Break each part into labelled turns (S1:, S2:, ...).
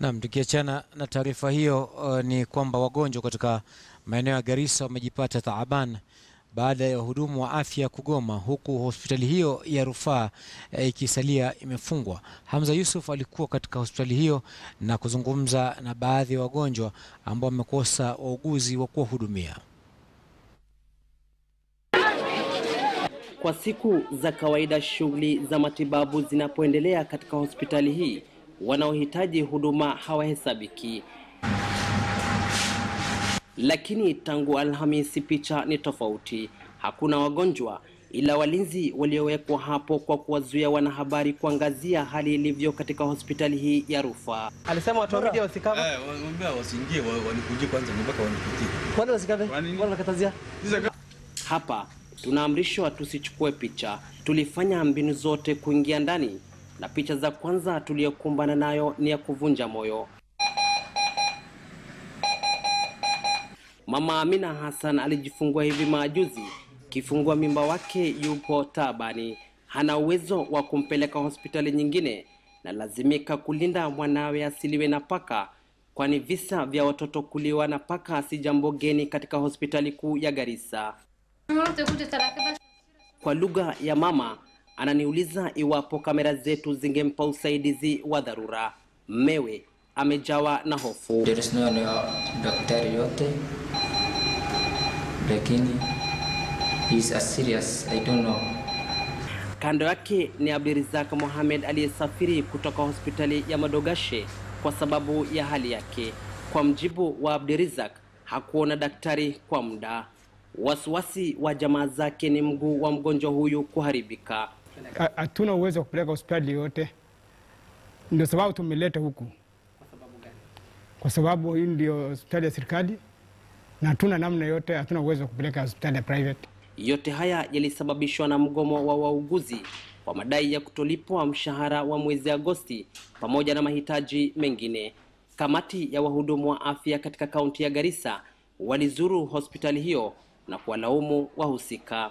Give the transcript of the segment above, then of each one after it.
S1: Naam, tukiachana na taarifa hiyo uh, ni kwamba wagonjwa katika maeneo ya Garissa wamejipata taaban baada ya wahudumu wa afya kugoma, huku hospitali hiyo ya rufaa uh, ikisalia imefungwa. Hamza Yusuf alikuwa katika hospitali hiyo na kuzungumza na baadhi ya wagonjwa ambao wamekosa wauguzi wa kuwahudumia.
S2: Kwa siku za kawaida, shughuli za matibabu zinapoendelea katika hospitali hii wanaohitaji huduma hawahesabiki. Lakini tangu Alhamisi picha ni tofauti. Hakuna wagonjwa ila walinzi waliowekwa hapo kwa kuwazuia wanahabari kuangazia hali ilivyo katika hospitali hii ya rufaa.
S3: Alisema watu eh, waambia
S4: wasiingie, kwanza mpaka wanipitie.
S3: Kwani Kwani
S2: Hapa tunaamrishwa tusichukue picha. Tulifanya mbinu zote kuingia ndani na picha za kwanza tuliyokumbana nayo ni ya kuvunja moyo. Mama Amina Hassan alijifungua hivi majuzi. Kifungua mimba wake yupo tabani, hana uwezo wa kumpeleka hospitali nyingine na lazimika kulinda mwanawe asiliwe na paka, kwani visa vya watoto kuliwa na paka si jambo geni katika hospitali kuu ya Garissa. Kwa lugha ya mama Ananiuliza iwapo kamera zetu zingempa usaidizi wa dharura. Mmewe amejawa na hofu.
S5: daktari yote lakini is serious I don't know.
S2: Kando yake ni Abdirizak Mohamed aliyesafiri kutoka hospitali ya Madogashe kwa sababu ya hali yake. Kwa mjibu wa Abdirizak, hakuona daktari kwa muda. Wasiwasi wa jamaa zake ni mguu wa mgonjwa huyu kuharibika
S6: hatuna uwezo wa kupeleka hospitali yote, ndio sababu tumeleta huku. Kwa sababu hii ndio hospitali ya serikali na hatuna namna yote, hatuna uwezo wa kupeleka hospitali ya private.
S2: Yote haya yalisababishwa na mgomo wa wauguzi kwa madai ya kutolipwa mshahara wa mwezi Agosti pamoja na mahitaji mengine. Kamati ya wahudumu wa afya katika kaunti ya Garissa walizuru hospitali hiyo na kuwalaumu wahusika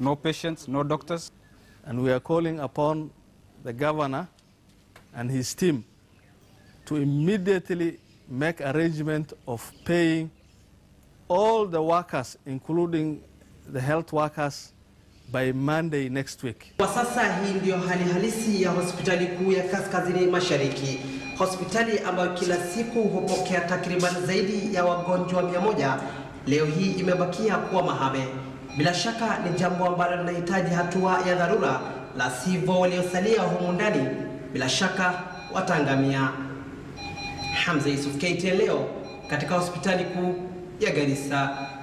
S7: no patients, no doctors. And we are calling upon the governor and his team to immediately make arrangement of paying all the workers, including the health workers, by Monday next week.
S2: Kwa sasa hii ndiyo hali halisi ya hospitali kuu ya Kaskazini Mashariki, hospitali ambayo kila siku hupokea takriban zaidi ya wagonjwa mia moja. Leo hii imebakia kuwa mahame. Bila shaka ni jambo ambalo linahitaji hatua ya dharura, la sivyo waliosalia humu ndani bila shaka wataangamia. Hamza Yusuf KTN, leo katika hospitali kuu ya Garissa.